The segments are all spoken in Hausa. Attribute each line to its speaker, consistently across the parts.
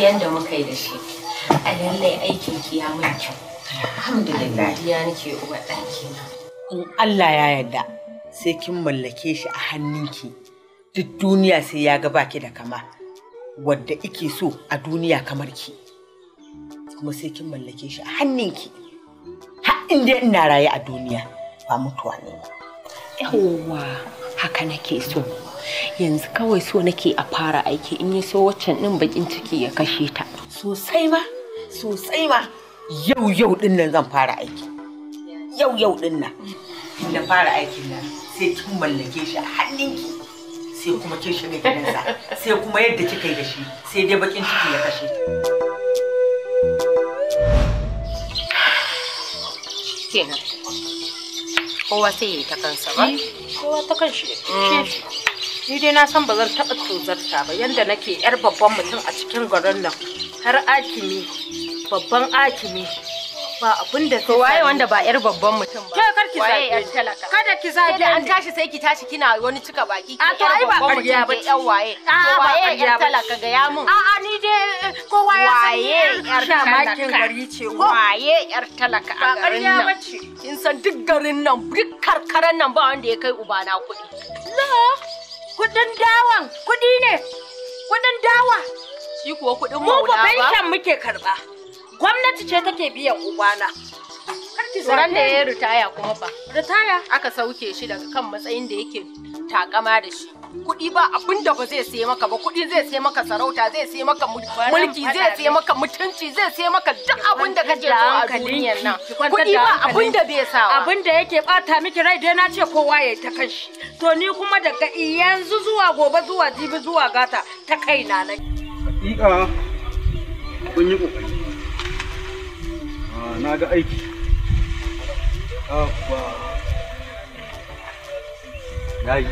Speaker 1: yadda muka yi da shi a lallai aikin ki ya mun kyau alhamdulillah ya nake uwa ɗaki in Allah ya yarda sai kin mallake shi a hannunki duk duniya sai ya ga baki da kama wadda ike so a duniya kamar ki kuma sai kin mallake shi a hannunki har inda ina raye a duniya ba mutuwa ne yawwa haka nake so yanzu kawai so nake a fara aiki in yi so waccan din bakin ciki ya kashe ta sosai ma sosai ma yau yau din nan zan fara aiki yau yau din nan na fara aikin nan sai kin mallake shi a hannunki sai kuma kin shiga gidansa sai kuma yadda kika yi da shi sai dai bakin ciki ya kashe kenan kowa sai ya yi ta kansa ba eh, kowa ta kan mm. shi shi ni dai na san ba zan taɓa tozarta ba yadda nake yar babban mutum a cikin garin nan har akimi babban akimi ba abin da to waye wanda ba yar babban mutum ba kai kar ki zabe yar talaka kada ki zabe da an tashi sai ki tashi kina wani cika baki a to ai ba ƙarya ba yan waye a ba yar talaka ga ya mun a a ni dai eh, kowa ya san waye yar talaka gari ce waye yar talaka a garin nan ba ƙarya ce kin san duk garin nan duk karkaran nan ba wanda ya kai ubana kuɗi la Kudin dawan kudi ne. Kudin dawa. Shi kuwa kudin wuna ba. Mu ba muke karba. Gwamnati ce take biyan ubana. Tsoron da ya yi ritaya kuma ba. Ritaya? Aka sauke shi daga kan matsayin da yake takama da shi. kuɗi ba abin da ba zai sai maka ba kuɗi zai sai maka sarauta zai sai maka mulki zai sai maka mutunci zai sai maka duk abin da kake so a duniyar nan kuɗi ba abin da bai sa abin da yake bata miki rai dai na ce kowa ya ta kashi to ni kuma daga yanzu zuwa gobe zuwa jibi zuwa gata ta kai na hakika kun yi kokari ah, na ga aiki abba yayi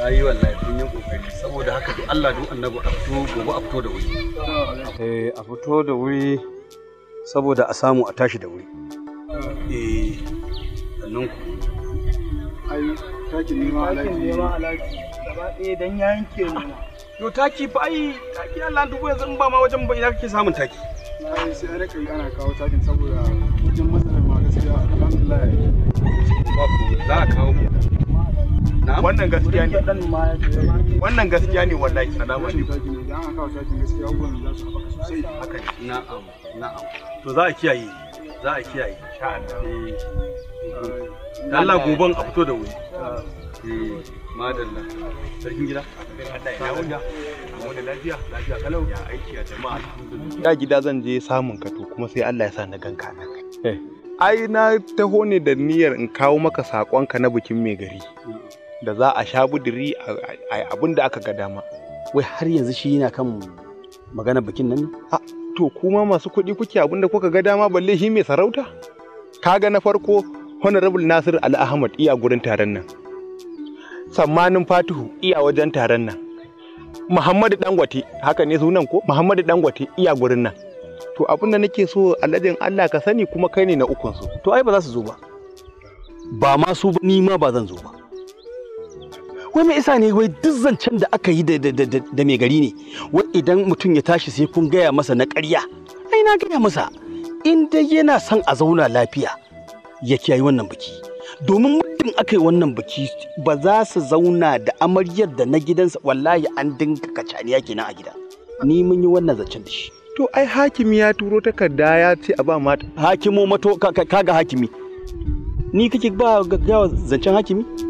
Speaker 1: ta yi wallahi kun yi kokari saboda haka duk Allah duk annabi a fito gobe a fito da wuri eh a fito da wuri saboda a samu a tashi da wuri eh sannan ku ai taki nema alaji nema alaji gaba ɗaya dan ya yanke mu yo taki fa ai taki Allah duk yanzu in ba ma wajen ba kake samun taki sai yi ana kawo takin saboda wajen masana ma gaskiya alhamdulillah ba ku za a kawo mu wannan gaskiya ne wannan gaskiya ne wallahi na alaikum ne. to za a kiyaye za a kiyaye insha Allah Allah goban a fito da wuri eh madalla sarkin gida ya wuya da lafiya lafiya kalau ya aiki a jama'a ya gida zan je samun ka to kuma sai Allah ya sa na ganka nan eh. ai na taho ne da niyyar in kawo maka sakonka na bikin mai gari mm. da za a sha budiri a abin da aka ga dama wai har yanzu shi yana kan magana bikin nan ne to kuma masu kuɗi kuke abin da kuka ga dama balle shi mai sarauta kaga na farko honorable nasir Ali ahmad iya gurin taron nan sammanin fatihu iya wajen taron nan muhammadu dangote haka ne sunan ko muhammadu dangote iya gurin nan to abin da nake so alhajin allah ka sani kuma kai ne na ukunsu to ai ba za su zo ba ba ma su ni ma ba zan zo ba wai mai isa ne wai duk zancen da aka yi da mai gari ne wai idan mutum ya tashi sai kun gaya masa na ƙarya ai na gaya masa in dai yana son a zauna lafiya ya kiyaye wannan biki domin muddin aka yi wannan biki ba za su zauna da amaryar da na gidansa wallahi an dinga kacaniya kenan a gida ni mun yi wannan zancen da shi to ai hakimi ya turo takarda ya ce a ba mata hakimo mato kaga hakimi ni kake ba ga zancen hakimi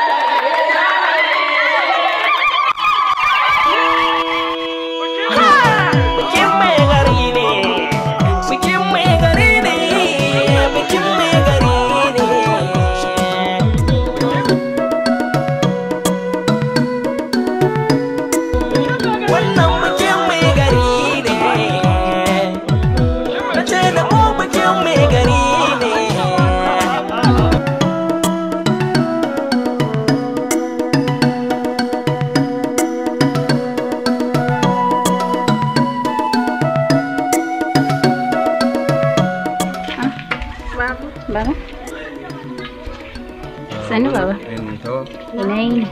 Speaker 1: Yanayi.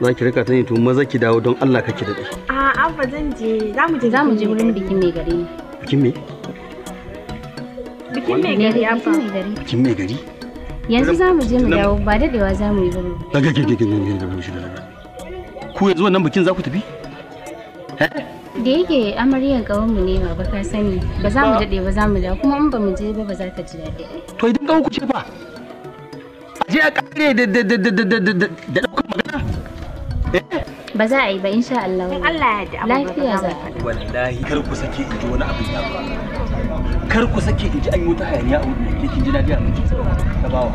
Speaker 1: Za ki rika sani to maza ki dawo don Allah kake daɗe. A'a ba zan je za mu je za mu je wurin bikin mai gari ne. Bikin mai. Bikin mai gari fa. Bikin mai gari? Yanzu za mu je mu dawo ba daɗewa za mu yi ba. Daga ke ke ke Ku yanzu wannan bikin za ku tafi? Da yake amaryar mu ne ba ka sani ba za mu daɗe ba za mu dawo kuma in ba mu je ba ba za ka ji daɗi. To idan ƙawan ku ce ba. je a kare da da da da da da da da da magana eh? ba za a yi ba insha Allah lafiya za wallahi kar ku sake in ji wani abin ya ba kar ku sake in ji an yi wata hayaniya a wurin ke kin ji a mutum ta bawa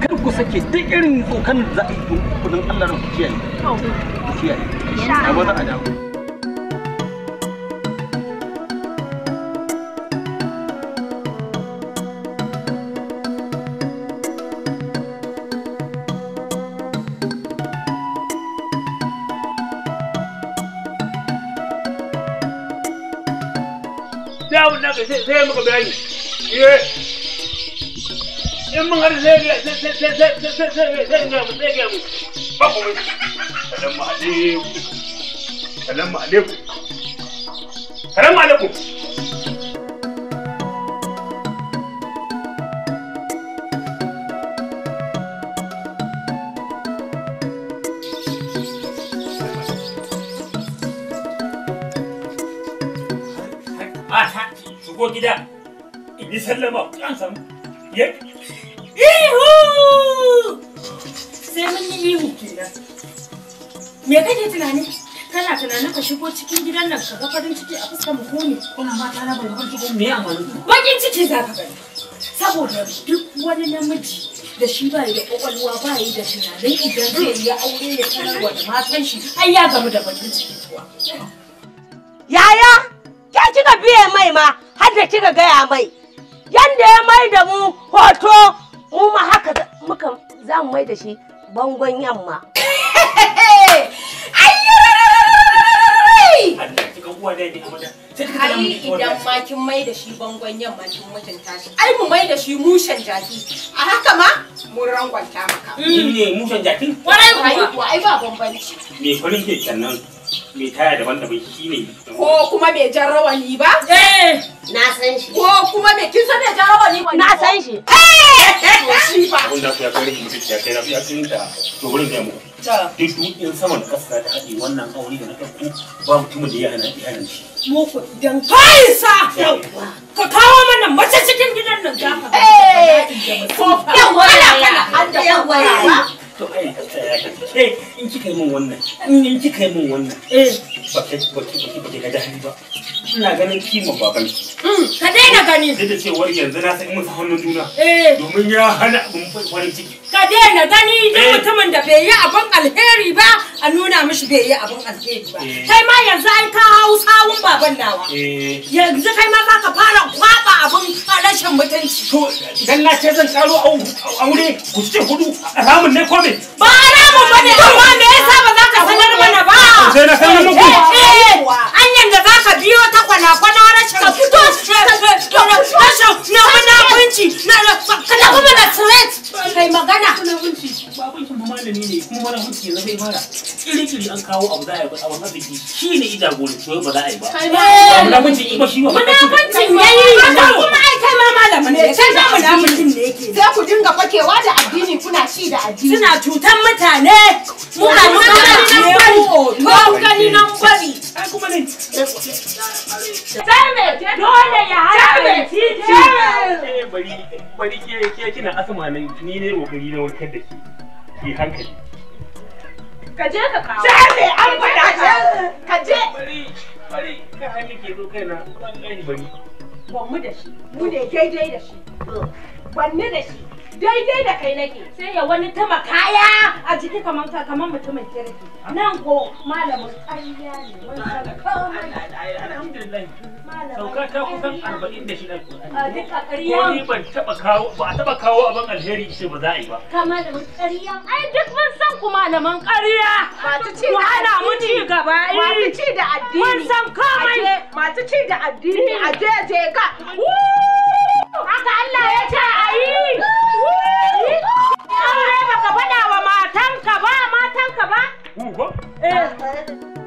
Speaker 1: kar ku sake duk irin tsokan da za a yi kudin Allah na ku kiyaye kiyaye a wani adamu na ka sai sai maka bayani eh in mun har sai sai sai sai sai sai sai sai sai sai shigo gida in yi sallama an samu ya ihu sai mun yi ihu kenan me kake tunani kana tunanin ka shigo cikin gidan nan ka ga farin ciki a fuskar mu ko ne kuna mata na bai farki ko me ya amfani bakin ciki za ka gani saboda duk wani namiji da shi ba yi da kwakwalwa ba yi da tunanin idan zai yi aure ya wa da matan shi ai ya gamu da bakin ciki kuwa yaya ke kika biye mai ma har da kika gaya mai yanda ya mai da mu hoto mu ma haka muka za mu mai da shi bangon yamma Ai idan ma kin mai da shi bangon yamma kin mutunta shi. Ai mu mai da shi mushen jaki. A haka ma mun rangwanta maka. Ni ne mushen jaki? Warai kuwa. Ai ba bambanci. Me farin ke kenan? mai taya daban-daban shi ne. Ko kuma mai jan rawani ba? Eh! Na san shi. Ko kuma mai kin san mai jan rawani ba? Na san shi. Eh! Shi ba. Wanda ya kai rikin ya kai na fiya tun da dogorin da muku. Duk dukiyar saman kasa ta haɗe wannan aure da na ɗauko ba mutumin da ya hana ya hana shi. Muku idan ka isa ka kawo mana mace cikin gidan nan za ka. Eh! Yawwa! Yawwa! Yawwa! to ai hasta ya in kika yi min wannan in kika yi min wannan eh ba ke ba ke ba ke ga dadi ba ina ganin kima baban mm, ka daina gani da ce war yanzu na san musu hannun juna eh. domin ya hana abin farin ciki ka daina gani da eh. mutumin da bai yi abin alheri ba a nuna mishi bai yi abin alheri ba eh. kai ma yanzu ai ka hau sawun baban nawa yanzu kai ma ka fara kwaba abin rashin mutunci to idan na ce zan karo aure ku ce hudu ramin ne ko haramun ba haramun ba ne amma me yasa ba za ka sanar mana ba sai na sanar muku hanyar da za ka biyo ta kwana kwana rashin ka fito rashin na munafunci na kana kuma na threat kai magana babanki malami ne kuma wani mutu yanzu zai fara kiri-kiri an kawo abu za a yi a wani shi ne ita gole ba za a yi ba. Kai ba. Munafuncin ba shi ba. Munafuncin ya yi. can namu na mutum ne yake sai ku dinga fakewa da addini kuna ci da addini suna cutan mutane
Speaker 2: mu a mutane ko ko gani nan bari
Speaker 1: Sarme dole ya hana titi eh, bari bari ke kina asma ne ni ne kokari na warkar da ke ki hankali ka je ka kawo sai Sarme an faɗa ka je bari bari ka hannu ke zo kaina wallahi bari ban mu da shi mu ne daidai da shi banne da shi daidai da kai nake sai ya wani tuma kaya a jiki kamar kamar mutumin kirki nan ko malamin kariya ne wani alhamdulillah sauka ta kusan arba'in da shida ko ni ban taba kawo ba a taba kawo abin alheri ce ba za a yi ba ka malamin ƙarya ai duk mun san ku malaman ƙarya masu ci da hana mu ci gaba masu ci da addini mun san komai masu ci da addini a je ka haka Allah ya ce a yi Curva. É. Ah,